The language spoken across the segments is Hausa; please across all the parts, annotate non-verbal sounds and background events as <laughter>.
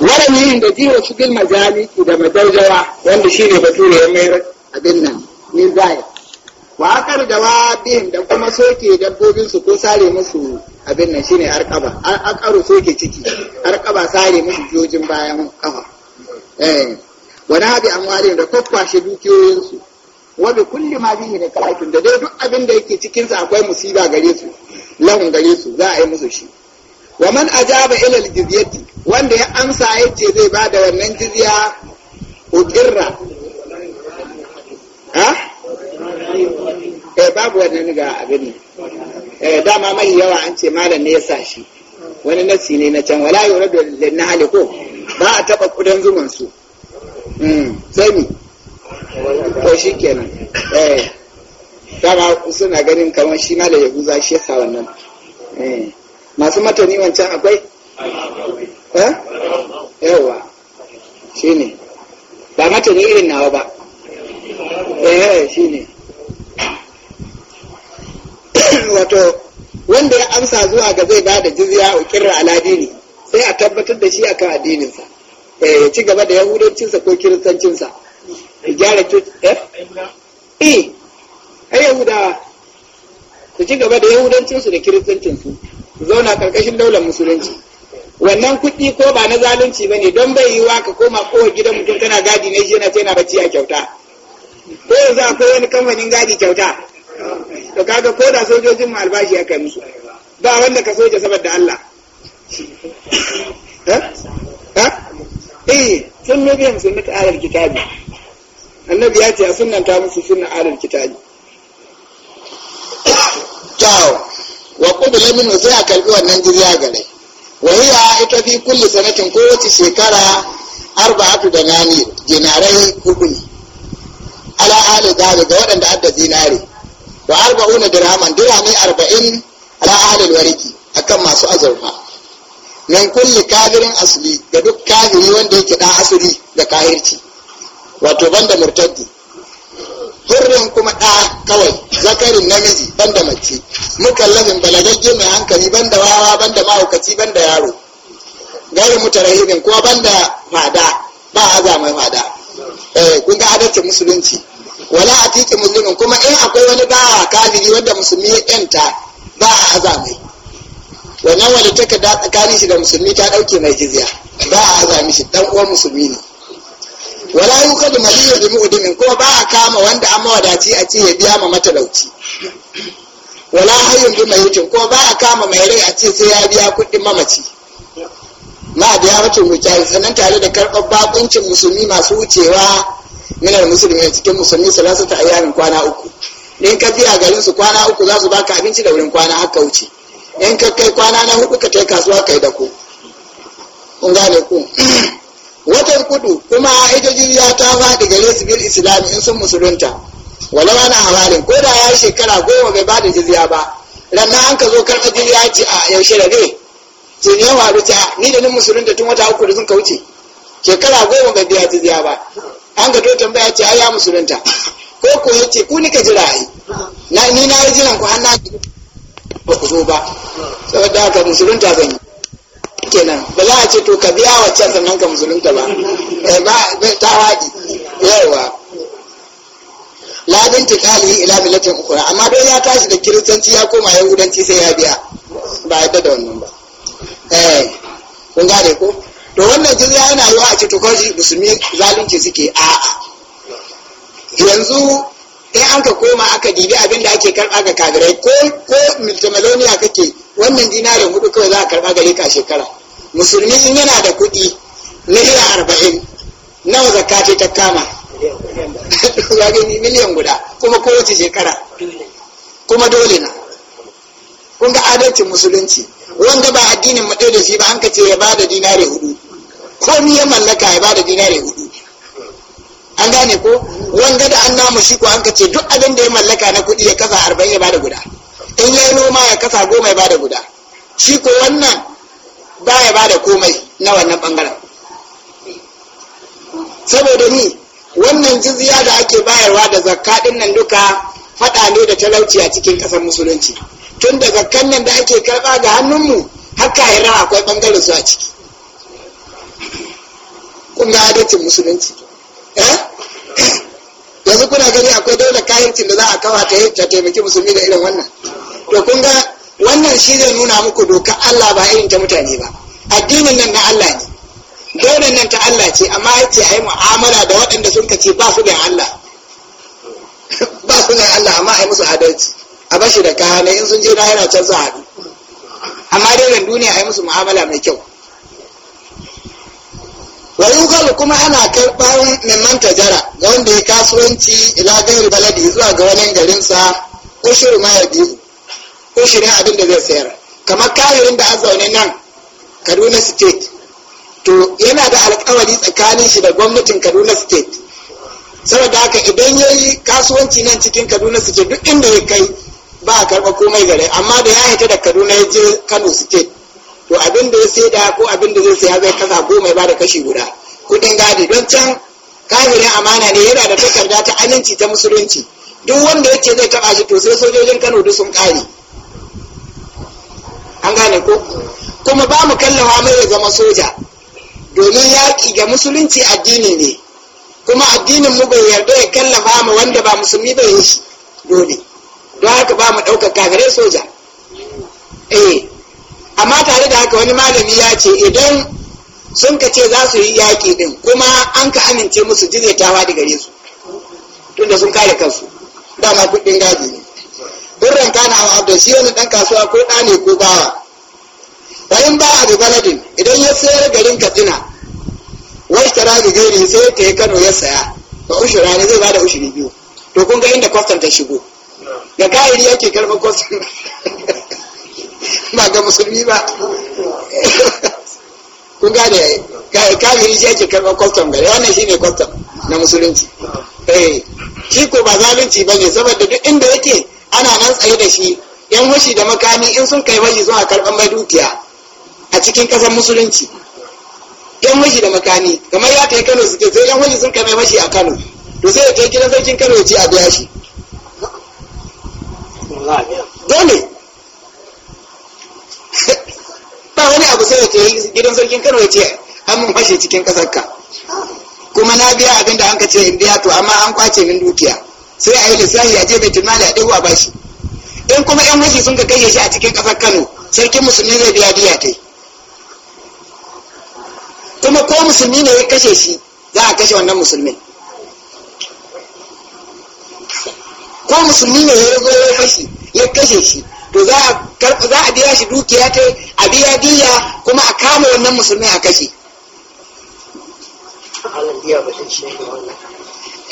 warami da jiwa su bil majaliki da madaujawa wanda shi ne bature ya mayar abin nan ne zai wa akar jawabin da kuma soke dabbobin su ko sare musu abin nan shine arkaba akaru soke ciki arkaba sare musu jojin bayan kafa eh wani habi amwalin da kwakwashe dukiyoyin su wani bi kulli ma bihi da da dai duk abin da yake cikin akwai musiba gare su lahun gare su za a yi musu shi wa man ajaba ila al-jizyati wanda ya amsa yace zai ba da wannan jizya uqirra ha eh babu wannan ga abin eh dama mai yawa an ce malam ne ya sa shi wani nasi ne na can wala yuradu lin nahli ko ba a taba kudan zuman su mm sai mi to shikenan eh dama suna ganin kamar shi malam ya guza shi sa wannan eh masu matani wancan akwai yawa shi ne ba matani irin nawa ba eh shi ne <coughs> wato wanda ya amsa zuwa ga zai ba da jizya a kirra aladini sai a tabbatar da shi akan addininsa eh, ya ci gaba da yahudancinsa ko kiristancinsa ya gyara eh eh ai yahudawa su ci gaba da yahudancinsu da kiristancinsu su zauna karkashin daular musulunci wannan kuɗi ko ba na zalunci ba ne don bai yiwa ka koma kowa gidan mutum tana gadi na shi yana ce yana bacci a kyauta ko yanzu akwai wani kamfanin gadi kyauta to kaga ko da sojojin mu albashi aka musu ba wanda ka soja saboda Allah eh, eh? eh sun nubi yin sunnat alal kitabi annabi ya ce a sunnanta musu sunnan alal kitabi ciao wa qubila minhu sai a karbi wannan ga gare wa hiya ita fi kulli sanatin kowace shekara arba'atu nani dinarai hudu ne ala ahli zari ga waɗanda adda zinare wa arba'una dirhaman dirhami arba'in ala ahli wariki akan masu azurfa min kulli kafirin asli ga duk kafiri wanda yake ɗan asali da kahirci wato banda murtaddi hurrin kuma ɗa kawai zakarin namiji banda mace mukallafin balagagge mai hankali banda wawa banda mahaukaci banda yaro gari mutarahibin kuma banda fada ba aza mai fada eh kun ga adalcin musulunci wala a titi musulmin kuma in akwai wani ba kafiri wanda musulmi ya yanta ba a aza mai wannan wanda take da tsakanin shi da musulmi ta dauke mai jizya ba a aza mishi dan uwan musulmi ne wala yi da maliyo da mu'udimin kuma ba a kama wanda an mawadaci a ce ya biya ma matalauci wala hayyun bi mayitin ko ba a kama mai rai a ce sai ya biya kuɗin mamaci ma biya mutum mujahid sannan tare da karɓar bakuncin musulmi masu wucewa minar musulmi cikin musulmi salasu ta ayyamin kwana uku in ka biya garin su kwana uku za su baka abinci da wurin kwana haka wuce in ka kai kwana na hudu ka kai kasuwa kai da ku kun ku watan kudu kuma hijojin ya ta faɗi gare su bil islami in sun musulunta wala wani hawarin ko da ya shekara goma bai bada jizya ba rannan an ka zo karɓa jizya ce a yaushe da ne ce ne yawa ta ni da nin musulunta tun wata uku da sun kauce shekara goma bai biya jizya ba an ka to tambaya ce ai ya musulunta ko ko ce ku ni ka jira ai na ni na yi jiran ku har na ba ku zo ba saboda haka musulunta zan yi kenan ba za a ce to ka biya wacce sannan ka musulunta ba eh, ba ta haɗi, yawa ladin kali ila milatin ukura amma don ya tashi da kiristanci ya koma yahudanci sai ya biya ba yadda da wannan ba eh kun gane ko to wannan jizya yana yiwa a ce to kawai musulmi zalunci suke a yanzu in an ka koma aka dibi abin da ake karɓa ga kabirai ko ko miltimaloniya kake wannan dinarin hudu kawai za a karɓa gare ka shekara musulmi in yana da kuɗi miliyan arba'in nawa zakka ce ta kama <laughs> miliyan guda kuma kowace shekara kuma dole na kun ga adalcin musulunci wanda ba addinin mu da shi ba an ce ya bada dinare hudu ko ni ya mallaka ya bada dinare hudu an gane ko wanda da an namu shi ko an ce duk abin da ya mallaka na kuɗi ya kasa arba'in ya bada guda in ya noma ya kasa goma ya bada guda shi ko wannan baya ba da komai na wannan bangaren saboda ni wannan jizya da ake bayarwa da zakka din nan duka fada ne da talauci a cikin kasar musulunci tun da zakkan nan da ake karba ga hannunmu har kahiran akwai bangaren su a ciki kun ga adalcin musulunci eh? yanzu kuna gani akwai daular kayancin da za a kawa ta ta taimaki musulmi da irin wannan to kun ga wannan shi zai nuna muku doka Allah ba irin ta mutane ba addinin nan na Allah ne daular nan ta Allah ce amma ya ce ai mu'amala da waɗanda sun kace ba su da Allah <laughs> ba su da Allah amma ai musu adalci a bashi da kayanai in sun je na yana can haɗu amma dai daular duniya ai musu mu'amala mai kyau wayugal kuma ana karɓar mimman tajara ga wanda ya kasuwanci ila gairi baladi zuwa ga wani garinsa ushur ma ya shirya abin da zai sayar kamar kayayin da an zaune nan kaduna state to yana da alkawari tsakanin shi da gwamnatin kaduna state saboda haka idan ya yi kasuwanci nan cikin kaduna state duk inda ya kai ba a karɓa komai gare amma da ya haita da kaduna ya je kano state to abin da ya sai da ko abin da zai saya zai kasa goma ba da kashi guda kuɗin gadi don can kafirin amana ne yana da takarda ta aminci ta musulunci duk wanda yake zai taɓa shi to sai sojojin kano duk sun kare. an gane ko kuma ba mu kallawa mai ya zama soja domin yaƙi ga musulunci addini ne kuma addinin mu bai yarda ya kallafa ma wanda ba musulmi bai yi shi dole don haka ba mu ɗaukar kagare soja eh amma tare da haka wani malami ya ce idan sun ka ce za su yi yaƙi din kuma an ka amince musu jiretawa da gare su tunda sun kare kansu dama kuɗin daji ne birran kana wa da shi wani dan kasuwa ko da ne ko bawa bayan ba a baladin idan ya sayar garin katsina wai tara da gairi sai ta yi kano ya saya ba ushura ne zai ba da ushuri biyu to kun ga inda kwastam ta shigo ga ka'iri yake karɓar kwastam ba ga musulmi ba kun gane ka'iri shi yake karɓar kwastam gari wannan shine kwastam na musulunci eh shi ko ba zalunci ba ne saboda duk inda yake ana nan tsaye da shi yan hushi da makami in sun kai fashi zuwa karɓar mai dukiya a cikin ƙasar musulunci yan hushi da makami kamar ya kai kano suke sai yan hushi sun kai mashi a kano to sai ya kai gidan sarkin kano ya ce a biya shi dole <laughs> ba wani abu sai ya kai gidan sarkin kano ya ce an mun fashe cikin ƙasar ka kuma na biya abin da an ka ce in biya to amma an kwace min dukiya sai a yi lissafi a je baitul mali a ɗigo a bashi in kuma yan mashi sun ka kai shi a cikin ƙasar Kano sarkin musulmi zai biya biya ta kuma ko musulmi ne ya kashe shi za a kashe wannan musulmin ko musulmi ne ya zo ya fashi ya kashe shi to za a biya shi dukiya ta a biya biya kuma a kama wannan musulmi a kashe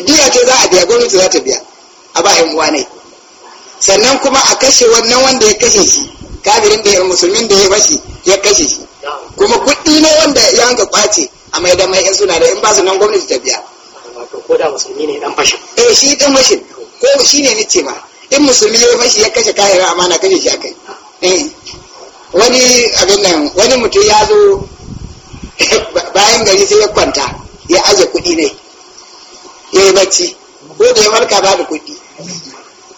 diya ce za a biya gwamnati za ta biya a ba yan uwa ne sannan kuma a kashe wannan wanda ya kashe shi kafirin da ya musulmin da ya bashi ya kashe shi kuma kuɗi ne wanda ya hanga kwace a mai da mai yan suna da in ba su nan gwamnati ta biya ko da musulmi ne dan fashin eh shi dan fashin ko shi ne nace ma in musulmi ya fashi ya kashe kayan amana kashe shi akai eh wani abin nan wani mutum ya zo <laughs> bayan gari sai ya kwanta ya aje kuɗi ne ya yi bacci ko da ya farka da kuɗi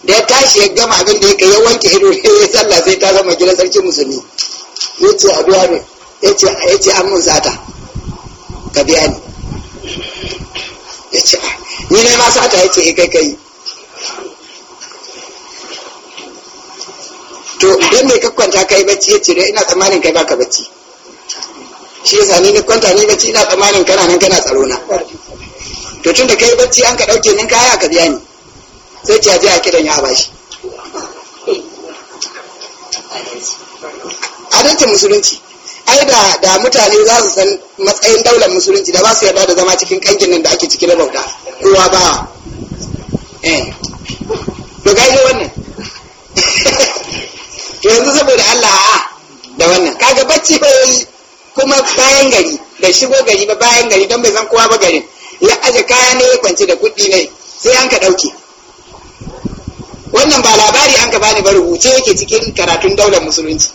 da ya tashi ya gama abin da ya ya wanke ido ya sallah sai ta zama gidan sarki musulmi ya ce a biya ne ya ce an mun sata ka biya ni ya ce ah, ni ne ma sata ya ce eh, kai kai to idan mai kwanta kai bacci ya ce ina tsammanin kai baka bacci shi ya yasa ni ne kwanta ni bacci ina tsammanin kana nan kana tsaro na to tun da kai bacci an ka ɗauke min kaya ka biya ni sai ce aje a kiran ya bashi adalcin musulunci ai da da mutane za su san matsayin daular musulunci da ba su yarda da zama cikin kankin nan da ake ciki na bauta kowa ba eh to ga wannan <laughs> to yanzu saboda Allah a'a da wannan kaga bacci ba yi kuma bayan gari da shigo gari ba bayan gari don bai san kowa ba garin ne ya kwanci da kuɗi ne sai an ka ɗauke wannan ba labari an ka bani ba rubuce yake cikin karatun daular musulunci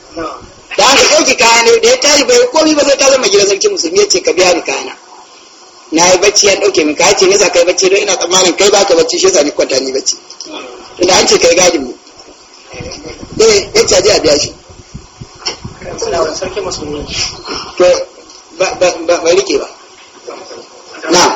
da an ka ɗauke kaya ne da ya tashi bai komi ba sai ta zama gidan sarki musulmi ya ce ka biya ni kayana na yi bacci ya ɗauke min kaya ce nisa kai bacci don ina tsammanin kai baka bacci shi yasa ni kwanta ni bacci tunda an ce kai gadin mu eh ya ce a biya shi to ba rike ba na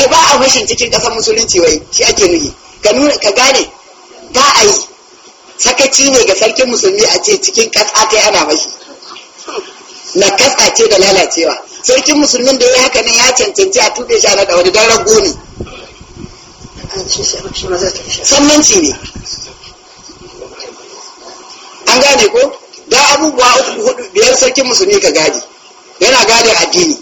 ai ba a fashin cikin kasar musulunci wai shi ake nuhi ka nuna ka gane ba a yi sakaci ne ga sarkin musulmi a ce cikin kasa ta ana mashi na kasa ce da lalacewa sarkin musulmin da ya haka ne ya cancanci a tuɓe shi ana da wani don rago ne sannanci ne an gane ko da abubuwa uku hudu biyar sarkin musulmi ka gadi yana gadin addini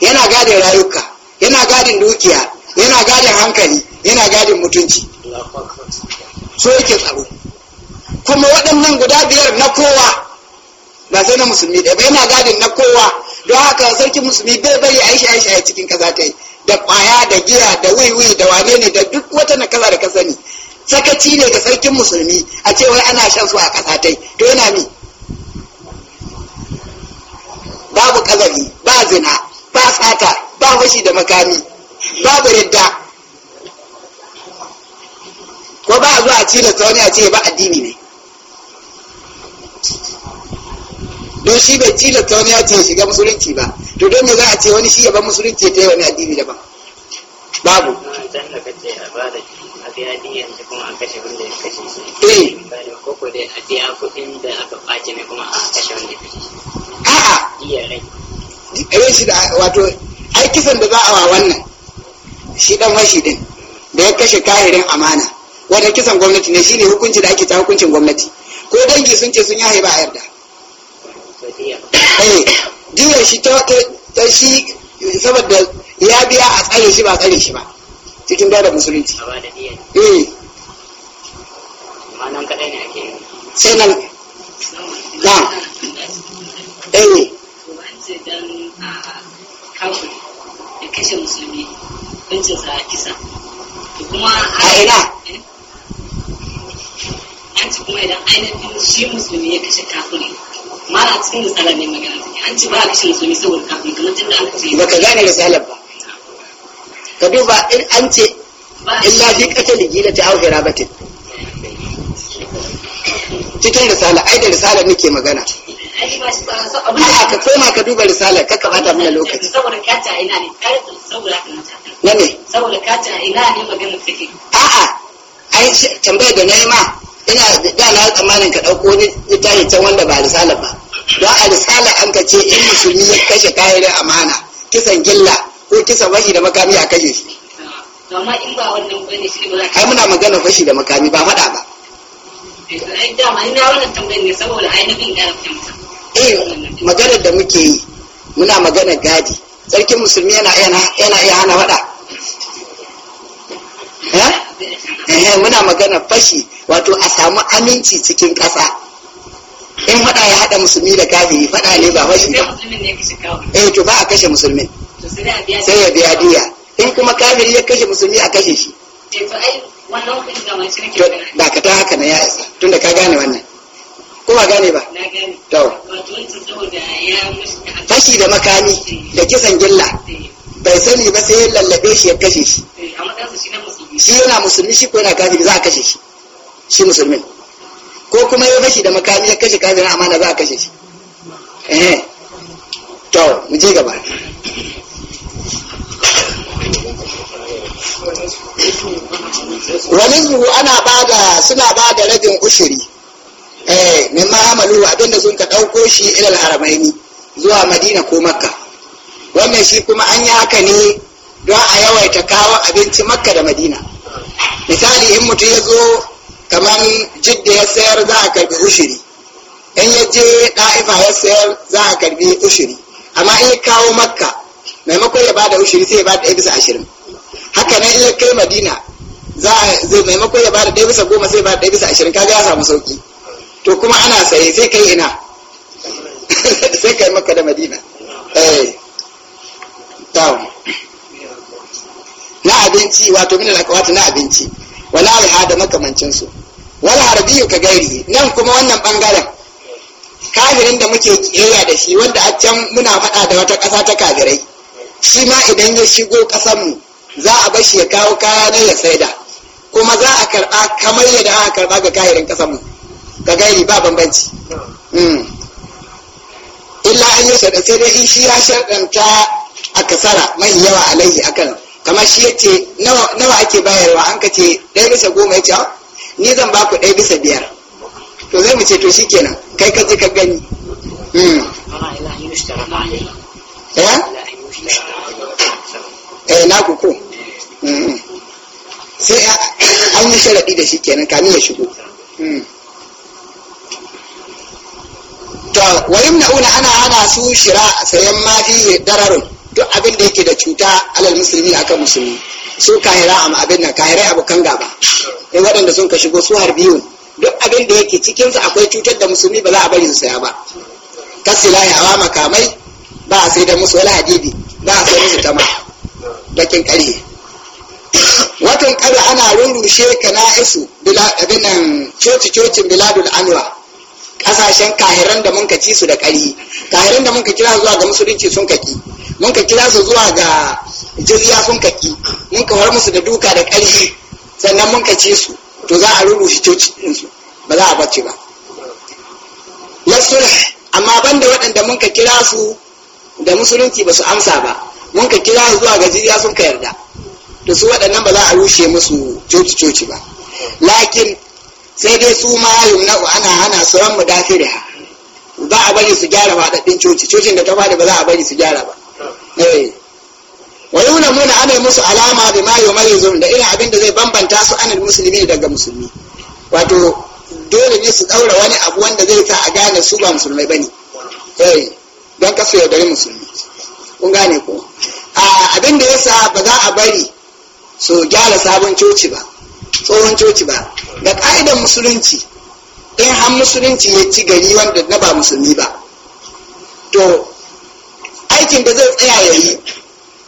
yana gadin rayuka yana gadin dukiya yana gadin hankali yana gadin mutunci so yake tsaro kuma waɗannan guda biyar na kowa ba sai na musulmi ɗaya ba yana gadin na kowa don haka sarki musulmi bai bari a yi shaye-shaye cikin kaza ta yi da ƙwaya da giya da wiwi da wane ne da duk wata na kaza da ka sani sakaci ne ga sarkin musulmi a ce wai ana shan su a kasa ta yi to yana mi babu kazari ba zina ba sata ba mashi da makami babu yadda. ko ba a zuwa cire cilasta wani a ce ba addini ne don shi bai cilasta wani ya ce shiga musulunci ba to don me za a ce wani shi ya ba musulunci ta yi wani addini daban babu da a eh. da A'a. rai. Rai shi da wato ai kisan da za a wa wannan shi dan washi din da ya kashe kahirin amana wannan kisan gwamnati ne shine hukunci da ake ta hukuncin gwamnati ko dangi sun ce sun yi ba a yarda eh diya shi ta ta shi saboda ya biya a tsare shi ba tsare shi ba cikin da musulunci eh sai nan hukuncin sa kuma a ina an ci kuma idan ainihin shi musulmi ya kashe kafiri cikin misala ne magana take an ci ba a kashe musulmi saboda kafiri tun da aka ce ba ka gane misalar ba ka duba in an ce illa fi qatl gilati aw hirabatin cikin risala ai da risala nake magana A'a ka koma ka duba risala ka kamata mana lokaci. Saboda kyata ina ne, saboda na me saboda ka tana ina ne maganar take a'a ai tambayar da na yi ma ina da na tsammanin ka ɗauko wani yi can wanda ba risala ba don a risala an ka ce in musulmi ya kashe kayan amana kisan gilla ko kisan fashi da makami a kashe shi amma in ba wannan ne shi ba ai muna magana fashi da makami ba faɗa ba eh, ai wannan tambayar ne saboda eh maganar da muke yi muna magana gadi sarkin musulmi yana iya hana faɗa Eh? Eh, muna magana fashi wato a samu aminci cikin ƙasa in fada ya haɗa musulmi da kafiri faɗa ne ba fashi ba eh to ba a kashe musulmin sai ya biya diya in kuma kafiri ya kashe musulmi a kashe shi ba ka ta haka na ya isa tun da ka gane wannan ko ba gane ba to fashi da makami da kisan gilla eh. bai sani ba sai ya lallabe shi ya kashe shi shi yana musulmi shi ko yana kafiri za a kashe shi shi musulmin ko kuma ya fashi da makami ya kashe kafirin amana za a kashe shi eh to mu je gaba wani ana bada suna bada rabin ushiri eh min ma'amalu abinda sun ka ɗauko shi ilal haramaini zuwa madina ko makka wannan shi kuma an yi haka ne don a yawaita kawo abinci makka da madina misali in mutum ya zo kamar jidda ya sayar za a karbi ushiri in ya je ɗa'ifa ya sayar za a karbi ushiri amma in ya kawo makka maimakon ya bada ushiri sai ya bada ɗaya bisa ashirin haka nan in ya kai madina za a zai maimakon ya bada ɗaya bisa goma sai ya bada ɗaya bisa ashirin kaga ya samu sauki to kuma ana saye sai kai ina <laughs> sai kai makka da madina eh na abinci wato min al na abinci wala al da makamancin su wala harbiyu ka gairi nan kuma wannan bangaren kafirin da muke kiyayya da shi wanda a can muna faɗa da wata ƙasa ta kafirai shi ma idan ya shigo mu za a bar shi ya kawo kaya na ya saida kuma za a karɓa kamar yadda aka karɓa ga kafirin ƙasanmu ga gairi ba bambanci hmm. illa an yi shada sai dai shi ya shaɗanta a kasara mai yawa alaihi akan kamar shi yace nawa ake bayarwa an ka ce ɗaya bisa goma yace ah, ni zan ba ku ɗaya bisa biyar to zai mu ce to shikenan kai ka ji ka gani hmm. eh? eh na ku ko hmm. sai an yi sharaɗi da shi kenan kamin ya shigo hmm. to wayin na'una ana ana su shira sayan ma fi dararun duk abin da yake da cuta alal musulmi akan musulmi sun kahira a abin nan kahirai abokan gaba in waɗanda sun ka shigo su biyun. duk abin da yake su akwai cutar da musulmi ba za a bari su saya ba kasila ya hawa makamai ba a sai da musu wala hadidi ba a sai musu tama bakin kare watan kare ana rurrushe kana isu abin nan coci cocin biladul anwa ƙasashen kahiran da mun ka ci su da ƙari kahiran da mun ka kira zuwa ga musulunci sun kaki mun ka kira su zuwa ga jirya sun kaki mun ka war musu da duka da ƙarfi sannan mun ka ce su to za a rubuce coci ɗinsu ba za a bace ba lasul amma ban da waɗanda mun ka kira su da musulunci ba su amsa ba mun ka kira su zuwa ga jirya sun ka yarda to su waɗannan ba za a rushe musu coci coci ba lakin sai dai su ma yumna'u ana hana su ran mu mudafiriha ba a bari su gyara faɗaɗɗin coci cocin da ta faɗi ba za a bari su gyara ba Eh. wa yuna muna ana musu alama bi ma yumayyizun da irin abin da zai bambanta su anil musulmi daga musulmi wato dole ne su daura wani abu wanda zai sa a gane su ba musulmai bane eh don kasu yaudari musulmi kun gane ko abin da ya sa ba za a bari su gyara sabon coci ba tsohon coci ba ga ka'idar musulunci in har musulunci ya ci gari wanda na ba musulmi ba to aikin da zai tsaya ya yi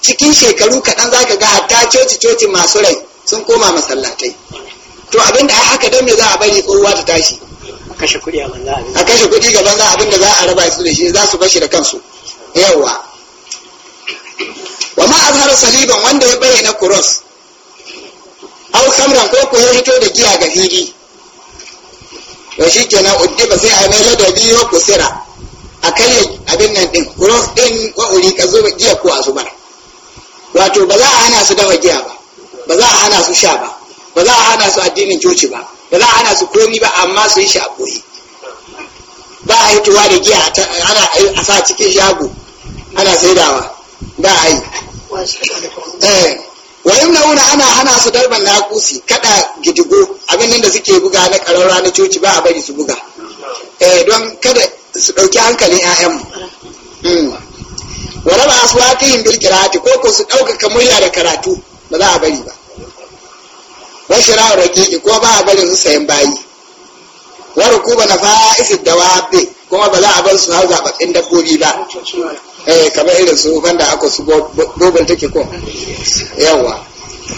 cikin shekaru kaɗan za ka ga hatta coci coci masu rai sun koma masallatai to abinda a haka don me za a bari kowa ta tashi a kashe kuɗi a banza abinda za a raba su da shi za su bashi da kansu yawa wa ma saliban wanda ya bayyana kuros. aw samran ko ko ya hito da giya ga fili to shikenan ba sai a mai ladabi ko kusira a kare abin nan din cross din wa'uri ka zo giya ko a zubar wato ba za a hana su dawa giya ba ba za a hana su sha ba ba za a hana su addinin coci ba ba za a hana su komi ba amma su yi shi a koyi ba a tuwa da giya ana a sa cikin shago ana saidawa ba a yi eh, wayin nauna ana hana su darban na kusi kada gidigo abin da suke buga na kararra na coci ba a bari su buga eh, don kada su ɗauki hankalin 'ya'yanmu hmm. wala ba su wata yin bil kirati ko ko su ɗaukaka murya da karatu ba za a bari ba wa shira'u raqiqi ko ba a bari su sayin bayi wa rukuba da dawabi kuma ba za a bar su hau zababbin dabbobi ba eh kamar irin su banda aka su dogon take ko yawa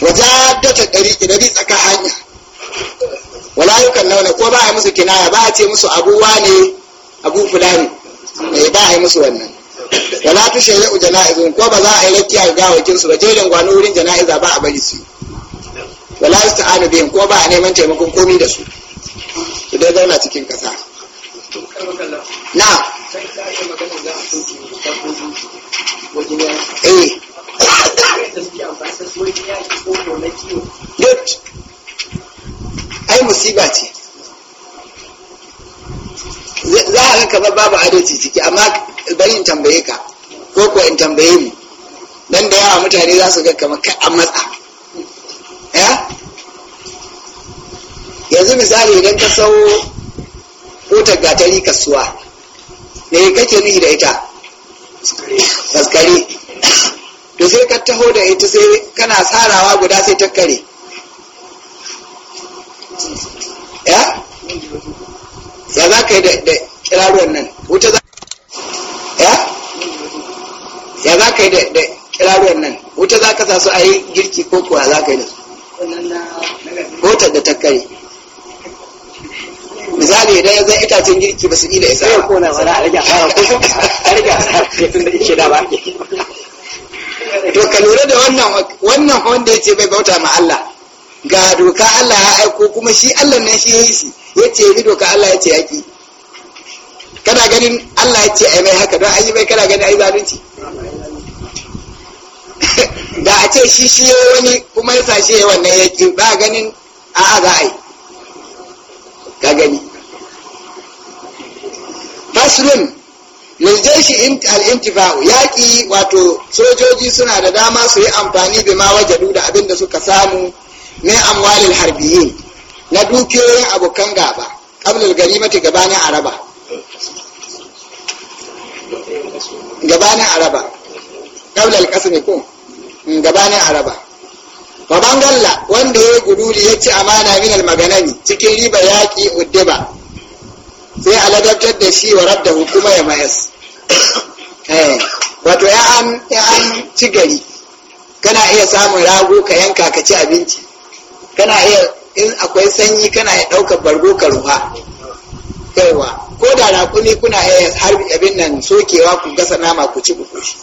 wajadata dariqi da bi tsaka hanya wala yukan nauna ko ba a musu kinaya ba a ce musu abuwa ne abu fulani eh ba a yi musu wannan wala tu shari'u jana'izun ko ba za a yi rakiya ga wakin su ba jerin gwano wurin jana'iza ba a bari su wala ta'anu biyan ko ba a neman taimakon komi da su su dai zauna cikin kasa na eh ai musiba ce kaga kamar babu adalci ciki amma bari in tambaye ka ko ko in tambaye ni dan da yawa mutane za su ga kamar kai an matsa ya eh? yanzu misali idan ka sau kotar gatari kasuwa me kake nufi da ita kaskare to sai ka taho da ita sai kana sarawa guda sai ta kare ya eh? ya za ka yi da kiraruwan nan wuta za ya ya za ka yi da kiraruwan nan wuta za ka su a yi girki ko kuwa za ka yi da su motar da ta misali idan ya zai itacen girki ba su yi da isa ba ko wani a rage asara kusa a rage asara da ishe da ba to ka lura da wannan wannan wanda ya ce bai bauta ma Allah ga doka Allah ya aiko kuma shi Allah ne shi ya yi shi ya ce bi doka Allah ya ce yaki kana ganin Allah ya ce ai mai haka don ayi mai kana ganin ai zalunci <laughs> da a ce shi shi wani kuma ya ya wannan ya ki ba ganin a'a za a yi ka gani faslun liljeshi al'intifa'u yaƙi wato sojoji suna da dama su yi amfani da wajadu da abin da suka samu min amwalil harbiyin na dukiyoyin abokan gaba ƙablil mata gabanin araba gabanin araba kabilar ƙasa ne ko mm, gabanin araba baban galla wanda ya guduri ya ci amana min maganani cikin riba yaƙi uddiba sai aladabtar da shi wa rabda hukuma ya mayas <coughs> eh, wato ya an ci gari kana iya samun rago ka yanka ka ci abinci kana iya in akwai sanyi kana iya ɗaukar bargo ka ruwa baiwa ko da raƙumi kuna iya eh, harbi abin nan sokewa ku gasa nama ku ci ku shi.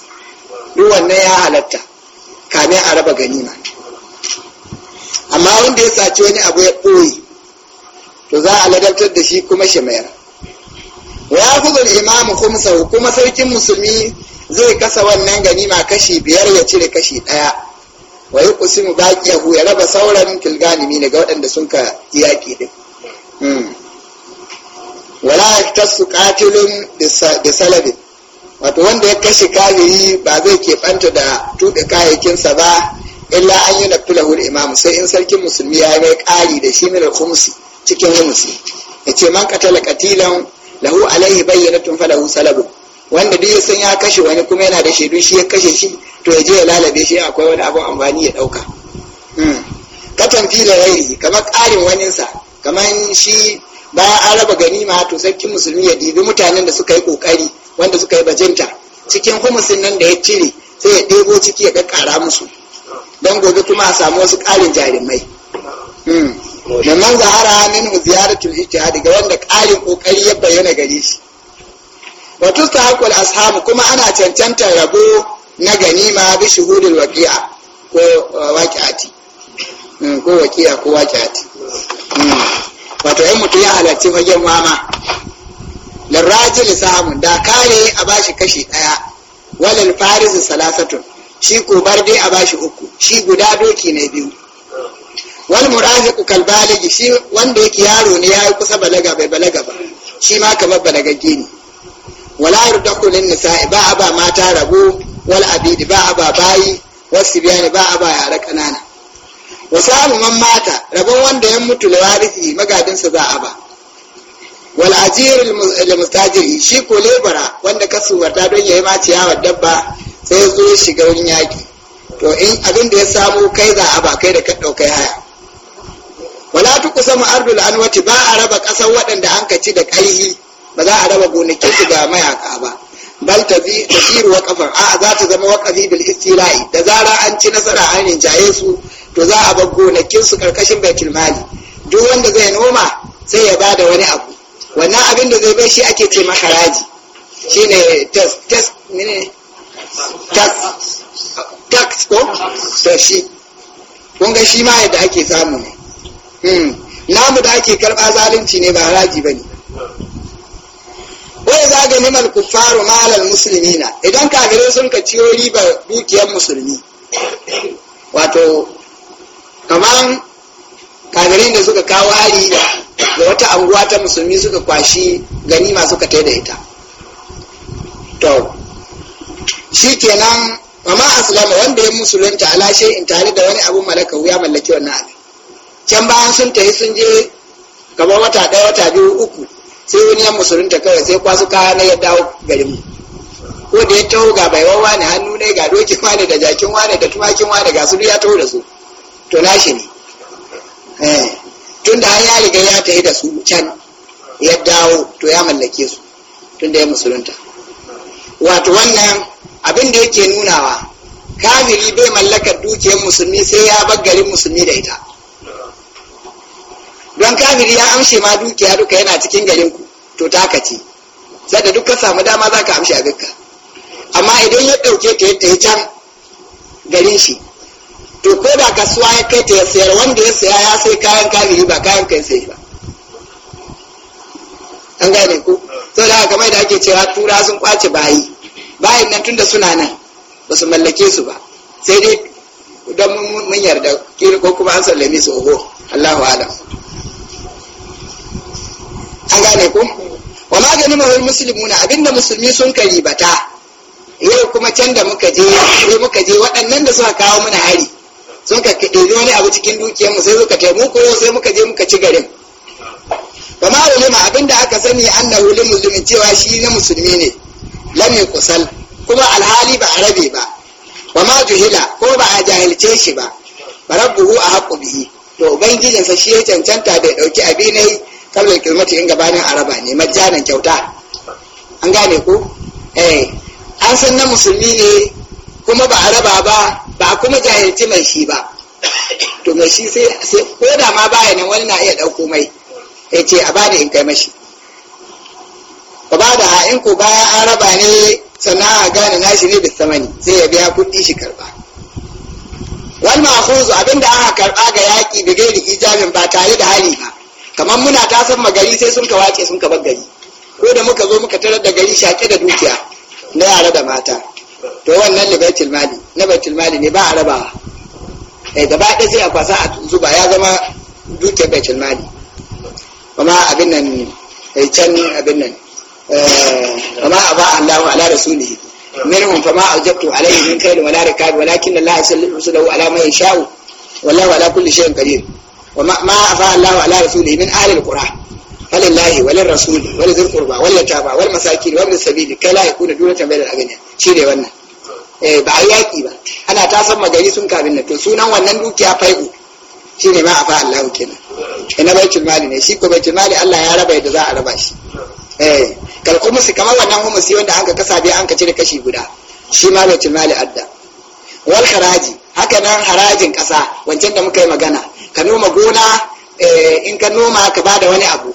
duk wannan ya halatta kamin a raba ganima amma wanda ya saci wani abu ya ɓoye to za a ladabtar da shi kuma shi mayar ya fi imamu kumsahu kuma sarkin musulmi zai kasa wannan ganima kashi biyar ya cire kashi ɗaya wa yi mu baki ya raba sauran kilganimi daga waɗanda sun ka yaƙi ɗin yaktasu qatilun bi wato wanda ya kashe kafiri ba zai ke banta da tuɗe sa ba illa an yi nafilahu imam sai in sarkin musulmi ya yi mai ƙari da shi minar humsi cikin humsi ya ce man katala katilan lahu alaihi tun falahu salabu wanda duk san ya kashe wani kuma yana da shaidu shi ya kashe shi to ya je ya lalabe shi akwai wani abun amfani ya ɗauka hmm. katan fila yayi kamar ƙarin waninsa kamar shi bayan an raba ganima to sarkin musulmi ya dibi mutanen da suka yi ƙoƙari wanda suka yi bajinta cikin humusin nan da ya cire sai ya ɗebo ciki ya ƙaƙƙara musu don gobe kuma a samu wasu ƙarin jarumai hmm. man zahara min ziyaratul ijtihad daga wanda ƙarin ƙoƙari ya bayyana gare shi wa hakul ashabu kuma ana cancantar rabo na ganima bi shuhudul waqi'a ko uh, waqi'ati hmm, ko waqi'a ko waqi'ati hmm. wato yin mutum ya halarci fagen wama lirrajil samun da kare a bashi kashi ɗaya walil farisi salasatun shi ko dai a bashi uku shi guda doki na biyu wal murahiqu kal baligi shi wanda yake yaro ne yayi kusa balaga bai balaga ba shi ma kamar balaga gini wala yurdaku lin nisa'i ba aba mata rabu wal abidi ba aba bayi wasu biyani ba aba yara kanana wa samu man mata rabon wanda ya mutu da warisi magadinsa za a ba wal ajir al mustajiri shi ko lebara wanda ka suwarta don yayi maciya wa dabba sai ya zo shiga wurin yaki to in abin da ya samu kai za a ba kai da ka daukai haya wala tu kusama ardul anwati ba a raba kasar waɗanda an ci da kaihi ba za a raba gonakin su ga mayaka ba bal ta ziru wa kafar a za ta zama waqafi bil istila'i da zara an ci nasara an rinjaye su to za a bar su karkashin baitul mali duk wanda zai noma sai ya ba da wani abu wannan abin da zai bai shi ake ce makaraji shi ne tax tax ko to shi ga shi ma yadda ake samu ne hmm. namu da ake karba zalunci ne ba haraji ba ne wai za ga nimar kuffaru malar musulmi na idan kafirai sun ka ciyo riba dukiyar musulmi wato kamar kagarin da suka kawo hari da wata anguwa ta musulmi suka kwashi ganima suka taida ita to shi kenan amma aslama wanda ya musulunta ala in tare da wani abun malaka ya mallaki wannan abin can bayan sun tafi sun je kamar wata ɗaya wata biyu uku sai wani yan musulunta kawai sai kwasu kaya na ya dawo garin mu ko da ya taho ga baiwan wani hannu ne ga dokin wani da jakin wani da tumakin wani ga su ya taho da su to nashi ne eh, tun da ya riga ya yi da su can ya dawo to ya mallake su tun da ya musulunta wato wannan abin da yake nunawa kafiri bai mallaka dukiyar musulmi sai ya bar garin musulmi da ita don kafiri ya amshe ma dukiya duka yana cikin garin ku to taka ce sai da duk samu dama za ka amshe dukka amma idan ya ɗauke ta yadda ya can garin shi to ko ba kasuwa ya kai ta ya sayar wanda ya saya ya sai kayan kafiri ba kayan kai sai ba an gane ku to da mai da ake cewa tura sun kwace bayi bayin nan tunda suna nan ba su mallake su ba sai dai don mun yarda kiri ko kuma an sallame su ogo, Allahu alam an gane ku wa maganin musulmi na abinda musulmi sun karibata yau kuma can da muka je muka je waɗannan da suka kawo mana hari sun ka ɗebi wani abu cikin mu sai suka kai mu sai muka je muka ci garin ba ma lima abinda aka sani na wuli musulmi cewa shi na musulmi ne Lami kusal kuma alhali ba rabe ba ba ma juhila ko ba a jahilce shi ba rabbuhu a haqqu bihi to ubangijinsa shi ya cancanta da ya dauki abinai kalmar kilmati in gabanin araba ne majanan kyauta an gane ku eh an san na musulmi ne kuma ba araba ba ba kuma jahilci mai shi ba to mai shi sai ko da ma baya nan wani na iya ɗauko mai ya ce a bada in kai mashi ba ba da ha'in ko bayan an raba ne sana'a gane nashi ne da samani sai ya biya kuɗi shi karɓa wal ma'khuzu abinda aka karɓa ga yaƙi da gairi ijabin ba tare da hali ba kamar muna ta tasan magari sai sun ka wace sun ka bar gari ko da muka zo muka tarar da gari shaƙe da dukiya na yara da mata to wannan da baitul mali na baitul mali ne ba a rabawa eh gaba ɗaya sai a kwasa a zuba ya zama dukiyar baitul mali kuma abin nan eh can abin nan kuma eh, aba Allahu ala rasulihi منهم فما أوجبت عليه من كيل ولا ركاب ولكن الله يسلم رسله على ما يشاء والله على كل شيء قدير وما ما Allah ala على رسوله من أهل القرآن walillahi walin rasuli wal zil qurba wal yataba wal masakin wal sabil kai la yakuna duna tambayar shi shine wannan eh ba ai yaki ba ana ta san magari sun kafin nan to sunan wannan dukiya shi shine ma afa Allahu kenan ina baitul mali ne shi ko baitul mali Allah ya raba yadda za a raba shi eh kal khumusi kamar wannan khumusi wanda aka kasa bai an ka cire kashi guda shi ma baitul mali adda wal haraji haka nan harajin kasa wancan da muka yi magana ka noma gona eh, in ka noma ka bada wani abu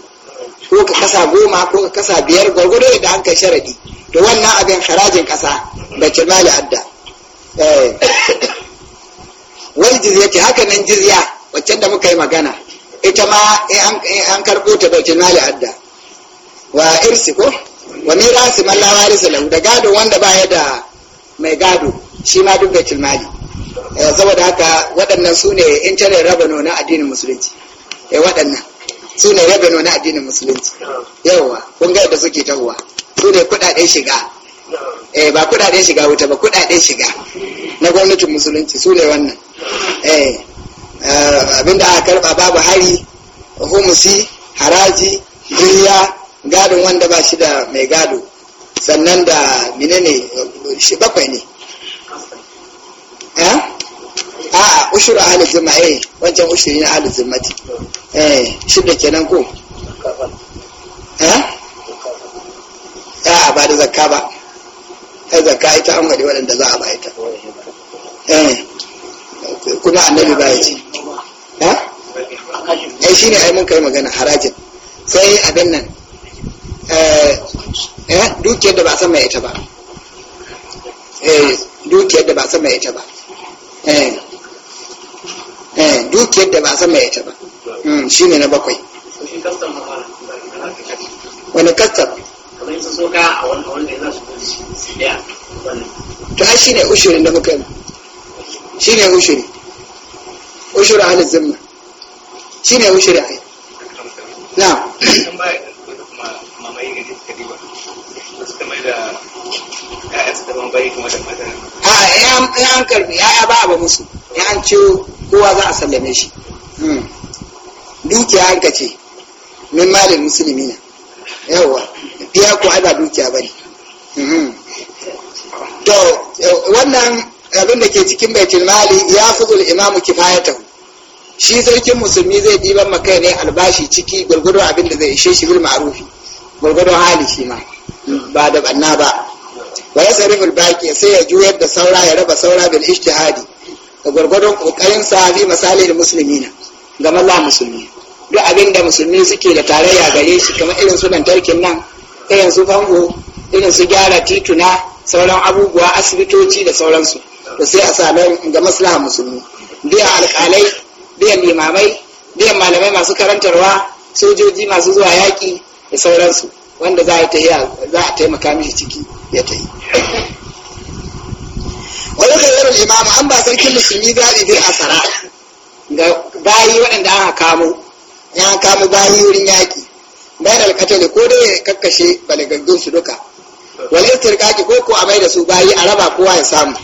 ko ka kasa goma ko ka kasa biyar gwargwado da an kai sharadi to wannan abin harajin kasa baitul mali adda eh. wal jizyati haka nan jizya wacce da muka yi magana ita ma an karbo ta baitul mali adda wa irsi ko wa mirasi man la warisa da gado wanda ba ya da mai gado shi ma duk da mali eh, saboda haka waɗannan su ne in rabano na addinin musulunci eh, waɗannan su ne wani addinin musulunci yawa kun ga yadda suke tahowa su ne kudaden shiga eh ba kudaden shiga wuta ba kudaden shiga na gwamnatin musulunci su ne wannan eh, eh abinda aka karba babu hari humusi haraji duniya gadon wanda ba shi da mai gado sannan da menene shi bakwai ne eh a'a ah, ushur ahli zimma eh wancan ushuri na ahli zimmati eh da kenan ko ha eh? a'a ah, ba da zakka ba kai zakka ita an gadi waɗanda za a ba ita eh kuma annabi ba ya ce eh shine ai mun kai magana harajin sai abin nan eh, eh dukiyar da ba san mai ita ba eh dukiyar da ba san mai ita ba eh dukiyar yadda ba san mai ita ba hmm, shi ne na bakwai wani kastam to ai shi ne ushirin da muka yi shi ne ushiri ushiri halin zimma shi ne ushiri ai na a ya an karbi ya ba ba musu ya an ciwo kowa za a sallame shi hmm. dukiya harka ce min malin musulmi na yawwa biya ko ana dukiya bari hmm. to wannan abin da ke cikin baitul mali ya fi fuzul imamu kifayata shi sarkin musulmi zai ɗiban makai ne albashi ciki gwargwadon abin da zai ishe shi bil ma'rufi gwargwadon hali shi ma ba da banna ba wa ya sarrafa baki sai ya juyar da saura ya raba saura bil ijtihadi da gwargwadon kokarin sa fi misali da musulmi na ga malla musulmi duk abin da musulmi suke da tarayya gare shi kamar irin su lantarkin nan irin su fango irin su gyara tituna sauran abubuwa asibitoci da sauransu to sai a sami ga maslaha musulmi biyan alkalai biyan limamai biyan malamai masu karantarwa sojoji masu zuwa yaƙi da sauransu wanda za a taimaka mishi ciki ya ta yi wani da imamu an ba sarkin musulmi gari bil asara ga bayi waɗanda aka kamo ya kamo bayi wurin yaƙi bayan alkatali ko dai ya kakkashe balagaggun su duka wal turkaki ko ko a mai da su bayi a raba kowa ya samu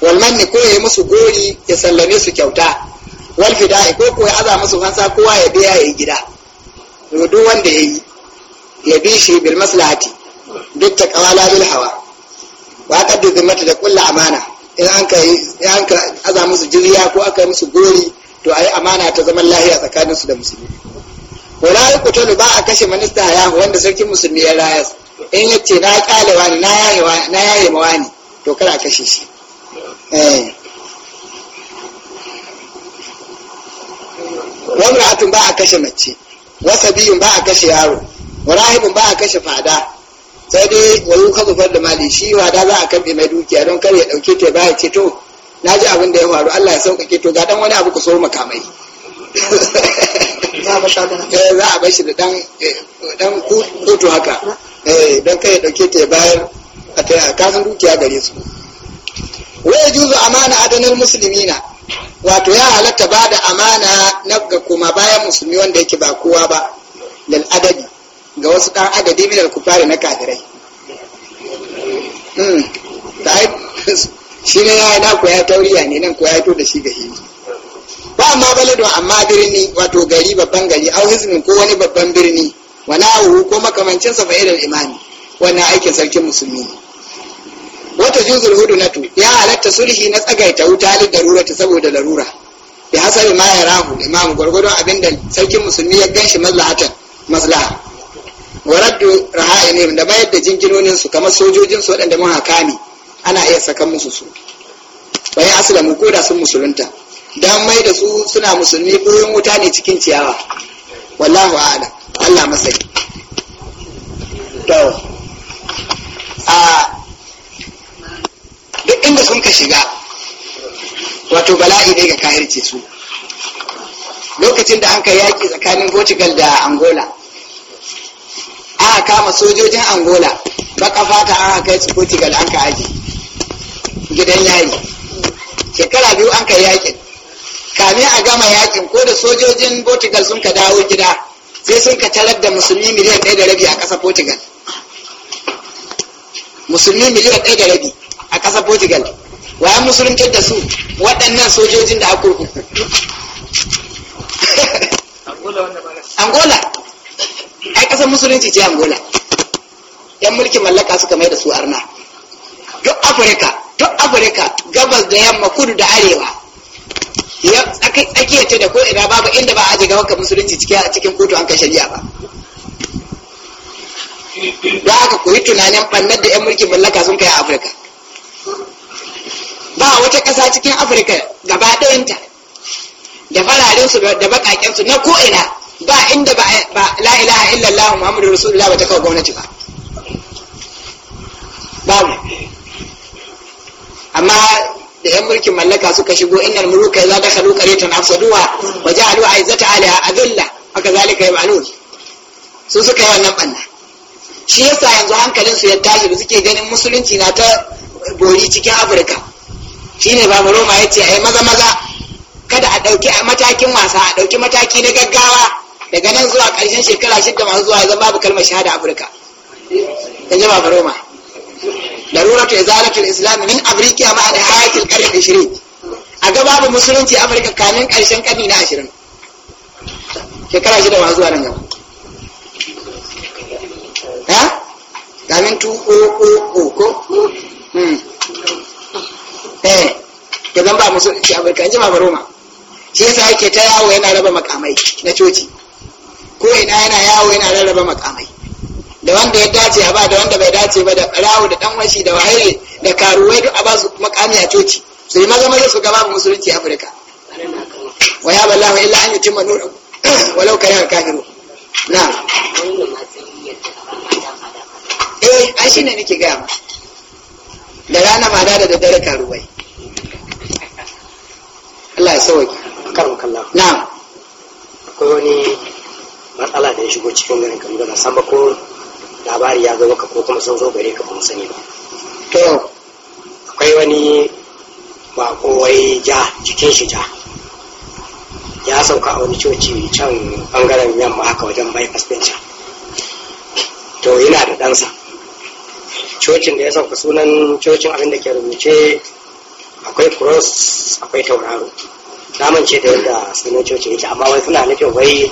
walman ne ko yi musu gori ya sallame su kyauta walfi fida'i ko ko ya aza musu fansa kowa ya biya ya yi gida duk wanda ya yi ya bi shi bil maslahati duk ta kawala bil hawa wa qad zimmatu da kullu amana In an ka aza musu jirya ko aka yi musu gori to a yi amana ta zaman lahiya tsakanin su da musulmi wala yi kutulu ba a kashe minista ya wanda sarkin musulmi ya raya in ya ce na kyale wani na yaye ma wani to kar a kashe shi eh. wani ra'atun ba a kashe mace wasa biyun ba a kashe yaro warahibin ba a kashe fada sai dai wayu kafa far da mali shi da za a kambe mai dukiya don kar ya dauke ta baya ce to na ji abin da ya faru Allah ya sauƙaƙe to ga dan wani abu ku so makamai za a bashi eh, da dan eh, kutu haka eh, don kai ya dauke ta bayar a tana kasan dukiya gare su wai juzu amana adanar musulmi na wato ya halatta ba da amana na ga kuma bayan musulmi wanda yake ba kowa ba lal adabi ga wasu ɗan agadi minal kufari na kafirai hmm. <laughs> shi ne ya yi na koya tauriya ne nan koya to da shi ga hili ba amma baladun amma birni wato gari babban gari au hizmin ko wani babban birni wani awuhu ko makamancinsa fa fa'idar imani wannan aikin sarkin musulmi ne hudu na tu, ya halatta sulhi na tsagaita wuta da ta saboda larura bi hasabi ma ya rahu imam gwargwadon da sarkin musulmi ya ganshi maslahatan maslaha wa raddu da bayar da jinginonin su kamar sojojin su waɗanda mun ne, ana iya sakan musu su bai aslamu ko da sun musulunta dan mai da su suna musulmi goyon wuta ne cikin ciyawa wallahu a'lam Allah masai to a duk inda sun ka shiga wato bala'i ne ga kahirce su lokacin da an kai yaƙi tsakanin Portugal da Angola aka kama sojojin angola baka fata an kai su portugal an ka aji gidan yari shekara biyu an ka yakin kame a gama yakin ko da sojojin portugal sun ka dawo gida sai sun ka tarar da musulmi miliyan ɗaya da rabi a ƙasa portugal musulmi miliyan ɗaya da rabi a ƙasa portugal waya musulunci da su waɗannan sojojin da aka kurkuku angola ai kasar musulunci ce angola yan mulkin mallaka suka mai da su arna duk afirka duk afirka gabas da yamma kudu da arewa ya tsakiyar ta da ko ina babu inda ba a jiga gaban musulunci cikin kotu an kai shari'a ba ba haka koyi tunanin ɓannar da 'yan mulkin mallaka sun kai a afirka ba wata ƙasa cikin afirka gaba ɗayanta da fararensu da baƙaƙensu na ko'ina ba inda ba la ilaha illallah muhammadu rasulullah ba ta kawo gwamnati ba babu amma da yan mulkin mallaka suka shigo innal muluka idza dakhalu qaryatan afsaduha wa ja'alu aizata alaiha adilla haka zalika yab'alun su suka yi wannan banna shi yasa yanzu hankalin su ya tashi da suke ganin musulunci na ta bori cikin afirka shine ba roma ya ce ai maza maza kada a ɗauki matakin wasa a ɗauki mataki na gaggawa daga nan zuwa ƙarshen shekara shidda masu zuwa zan babu kalmar shahada afirka ya jama baroma daruratu izalatul islam min afirka ma da hayatul karni da shirin a ga babu musulunci afirka kamin ƙarshen ƙarni na ashirin shekara shida masu zuwa nan yau ha kamin tu o o o ko hmm. eh da zan ba musulunci afirka ya jama baroma shi yasa yake ta yawo yana raba makamai na coci ko ina yana yawo yana rarraba makamai da wanda ya dace a ba da wanda bai dace ba da rawu da danwashi da wahayi da karuwai duk a ba su makami a coci su yi maza maza su gaba musulunci afirka wa ya ballahu illa an yutimma nuru <clears throat> walau kare ka kafiru na eh ai shine nake ga ma da rana ma da da dare karuwai Allah ya sauke karon kallahu na akwai wani matsala da ya shigo cikin garin kan gana san ba ko labari ya zo maka ko kuma sun zo gare ka ba sani ba to akwai wani ba wai ja jikin shi ja ya sauka a wani coci can bangaren yamma haka wajen bai din to yana da ɗansa cocin da ya sauka sunan cocin abin da ke rubuce akwai cross akwai tauraro na da yadda sunan cocin yake amma wai suna nufin wai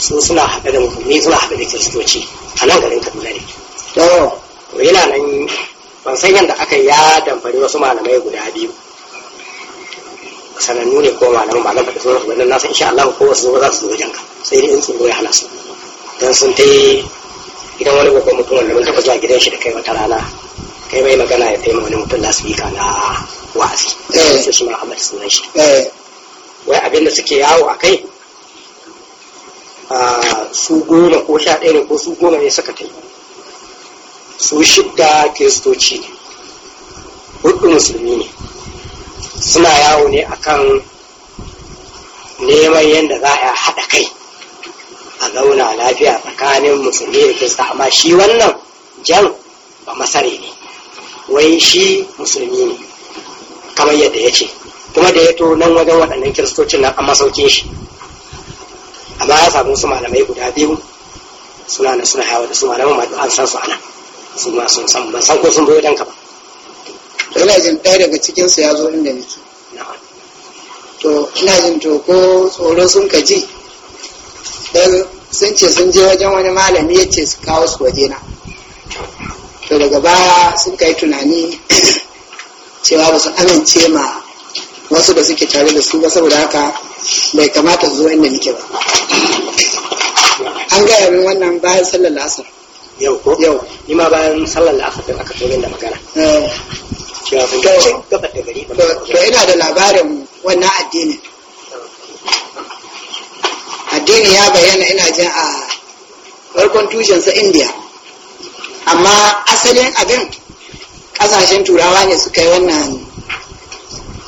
su suna haɗe da musulmi suna haɗe da kiristoci a nan garin kaduna ne to yana nan ban san yadda aka ya damfari wasu malamai guda biyu sanannu ne ko malamai ba nan faɗi sunan su ba na san insha Allah ko wasu zuwa za su zo wajen ka sai dai in tsoro ya hana su don sun ta gidan wani babban mutum wanda mun taɓa zuwa gidan shi da kai wata rana kai mai magana ya kai wani mutum lasifika na wa'azi eh. sai shi ma Ahmad sunan shi eh. wai abinda suke yawo a kai su goma ko sha ɗaya ne ko su goma ne suka ta yi su shidda kiristoci ne hudu musulmi ne suna yawo ne akan neman yadda za a haɗa kai a zauna lafiya tsakanin musulmi da kirista amma shi wannan jan ba masare ne wai shi musulmi ne kamar yadda ya ce kuma da ya to nan wajen waɗannan kiristocin nan a masaukin shi amma ya samu su malamai guda biyu suna na suna yawa da su malamai ma an san su ana su ma sun san ban san ko sun zo ka ba ina jin ɗaya daga cikin su ya zo inda nake to ina jin to ko tsoro sun ka ji dan sun ce sun je wajen wani malami ya ce su kawo su waje na to daga baya sun kai tunani <coughs> cewa ba su amince ma wasu da suke tare da su ba saboda haka bai kamata zuwa inda nike ba an gaya min wannan bayan sallar asar yau ko yau ni ma bayan sallar asar din aka tsoron da magana eh. cewa da to ina da labarin wannan addinin addini ya bayyana ina jin a farkon tushensa indiya amma asalin abin kasashen turawa ne suka yi wannan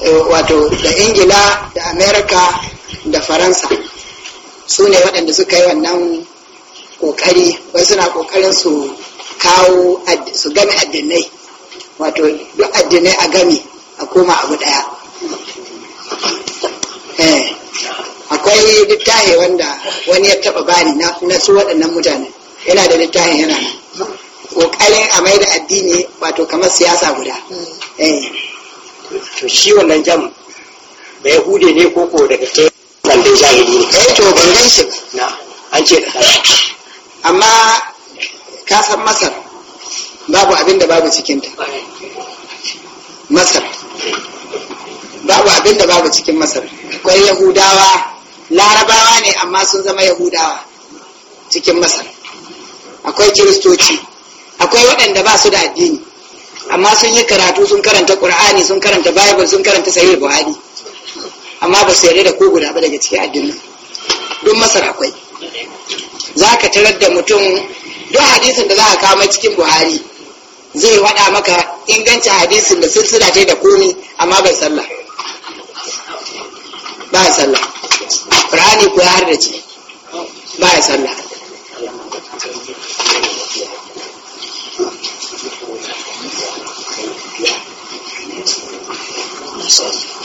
Eh, wato da ingila da amerika da faransa su ne waɗanda suka yi wannan ƙoƙari wai suna ƙoƙarin su kawo su game addinai wato duk addinai a gami, a koma abu ɗaya eh, akwai littafi wanda wani ya taɓa bani na su waɗannan mutane yana da littafin yana Kokarin ƙoƙarin a mai da addini wato kamar siyasa guda mm. eh. to shi wannan jam da ya hude ne koko daga ta da zahiri ne eh to ban gan shi na an ce da amma ka san masar babu abin da babu cikinta masar babu abin da babu cikin masar akwai yahudawa larabawa ne amma sun zama yahudawa cikin masar akwai kiristoci akwai waɗanda ba su da addini amma sun yi karatu sun karanta qur'ani sun karanta bible sun karanta sahih buhari amma ba su yarda da ko guda ba daga cikin addinin duk masar akwai za ka tarar da mutum duk hadisin da za ka kama cikin buhari zai wada maka ingancin hadisin da suna ta da komi amma bai sallah ba ya sallah qur'ani ko ya har da ce ba ya sallah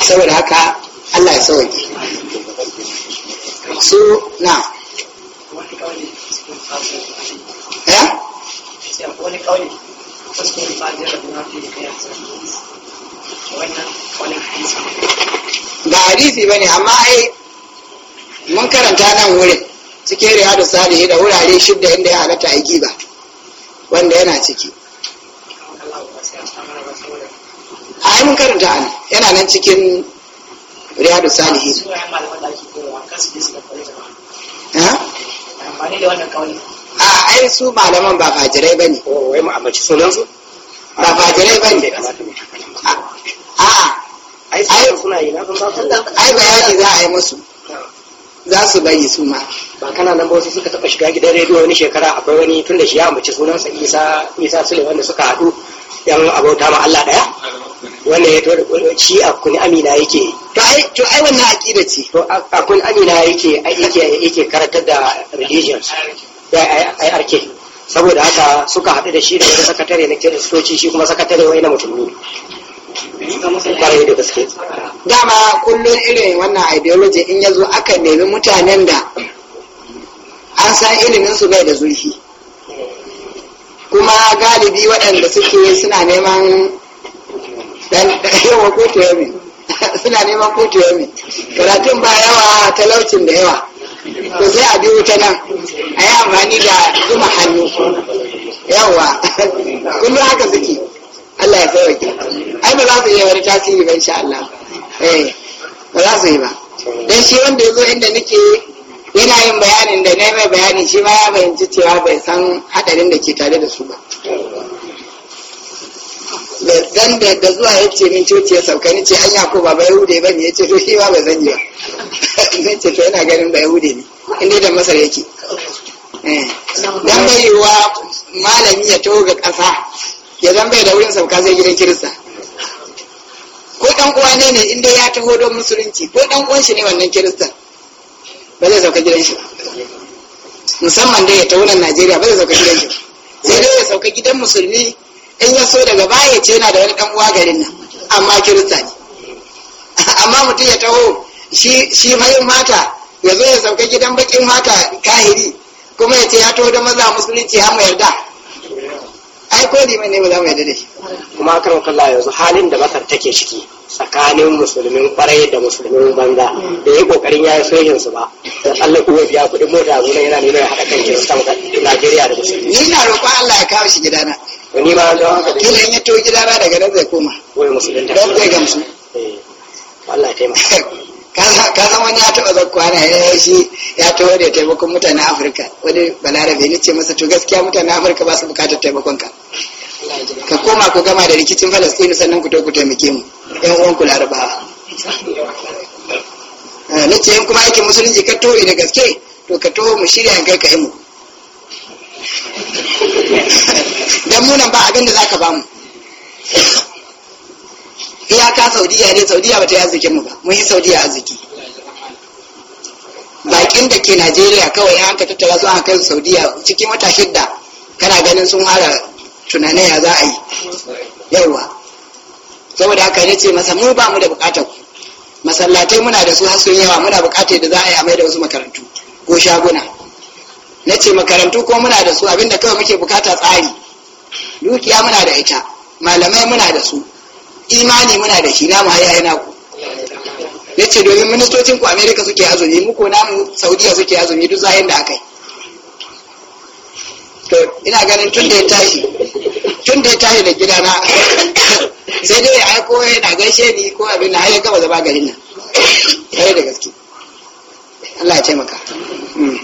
saboda haka Allah ya sauke su na eh? ba hadisi ba ne amma ai mun karanta nan wurin cikin riyadu salihi da wurare shidda inda ya halatta aiki ba wanda yana ciki ai mun karanta an yana nan cikin riyadu salihin a ai su malaman ba fajirai ba ne oh, ba fajirai ba ne a ai bayani za a yi musu za su bayi su ma ba kana nan wasu suka taba shiga gidan rediyo wani shekara akwai wani tun da shi ya ambaci sunansa isa isa sule wanda suka haɗu yan abauta ma allah ɗaya wannan ya tura shi a kun amina yake to ai to ai wannan aqida ce to a kun amina yake yake yake karatar da religions da ai arke saboda haka suka haɗu da shi da wani sakatare na kiristoci shi kuma sakatare wai na mutum ne. da dama kullum irin wannan ideology in ya zo aka nemi mutanen da an san ilimin su bai da zurfi kuma galibi waɗanda suke suna neman yawa ko ya yami suna neman ko ya yami karatun ba yawa talaucin da yawa to sai a biyu ta nan a yi amfani da zuma hannu yawa kullum haka suke Allah ya sauke ai ba za su yi wani tasiri ba insha Allah eh, ba za su yi ba don shi wanda ya zo inda nake yana yin bayanin da na mai bayani shi ma ya fahimci cewa bai san hadarin da ke tare da su ba Zan da zuwa ya ce min coci ya sauka ni ce an ya ko baba yahude ba ne ya ce to shi ba ba zan yi ba <laughs> ni ce to yana ganin ba yahude ne inda da masar yake eh. dan bai yiwa malami ya taho ga ƙasa ya zan bai da wurin sauka zai gidan kirista ko dan uwa ne ne inda ya taho don musulunci ko dan uwan shi ne wannan Kirista, ba zai sauka gidan shi ba musamman dai ya taho nan Najeriya ba zai sauka gidan shi sai dai ya sauka gidan musulmi in ya so daga baya ce yana da wani dan uwa garin nan amma kirista ne <laughs> amma mutum ya taho shi shi mai mata ya zo ya sauka gidan bakin mata kahiri kuma ya ce ya taho da maza musulunci har mu yarda ai ko liman ne ba za mu yadda da shi kuma akar wakalla yanzu halin da masar take ciki tsakanin musulmin kwarai da musulmin banza da ya kokarin ya yi sojin su ba da Allah kuma biya kuɗin mota zuwa yana nuna ya haɗa kan kiristan Najeriya da musulmi ni na roƙon Allah ya kawo shi gidana ni ma don haka kila in ya to gidana daga nan zai koma wai musulunta don zai gamsu eh, Allah ya taimaka <laughs> ka san wani ya taba zakkuwa na ya shi ya taho da taimakon mutanen afirka wani balarabe ni ce masa to gaskiya mutanen afirka ba su bukatar taimakon ka ka koma ku gama da rikicin falastini sannan ku to ku taimake mu yan uwan ku larabawa eh, na ce in kuma aikin musulunci ka to da gaske to ka to mu shirya kai ka <laughs> mu dan munan ba abin da ba bamu iyaka saudiya ne saudiya bata yi mu ba mun yi saudiya arziki bakin da ke najeriya kawai ya aka tattara su a kan saudiya cikin wata shidda kana ganin sun hara tunanin ya za a yi yawa saboda haka ne ce masa mu ba mu da bukatar ku masallatai muna da su har sun yawa muna bukatar da za a yi a mai da wasu makarantu ko shaguna na ce makarantu ko muna da su abinda kawai muke bukata tsari dukiya muna da ita malamai muna da su imani muna da shi na ma yayi na ku yace domin ministocin ku America suke azumi muku namu Saudiya suke azumi duk zahin da akai to ina ganin tun da ya tashi tun da ya tashi da gidana sai dai ai ko yana gaishe ni ko abin da har ya gaba zaba garin nan sai da gaske Allah ya taimaka hmm.